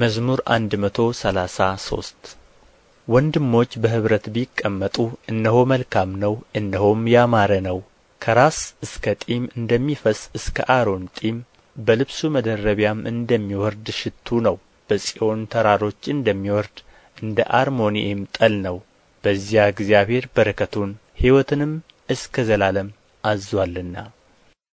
መዝሙር አንድ መቶ ሰላሳ ሶስት ወንድሞች በኅብረት ቢቀመጡ እነሆ መልካም ነው፣ እነሆም ያማረ ነው። ከራስ እስከ ጢም እንደሚፈስ እስከ አሮን ጢም በልብሱ መደረቢያም እንደሚወርድ ሽቱ ነው። በጽዮን ተራሮች እንደሚወርድ እንደ አርሞኒኤም ጠል ነው። በዚያ እግዚአብሔር በረከቱን ሕይወትንም እስከ ዘላለም አዟልና።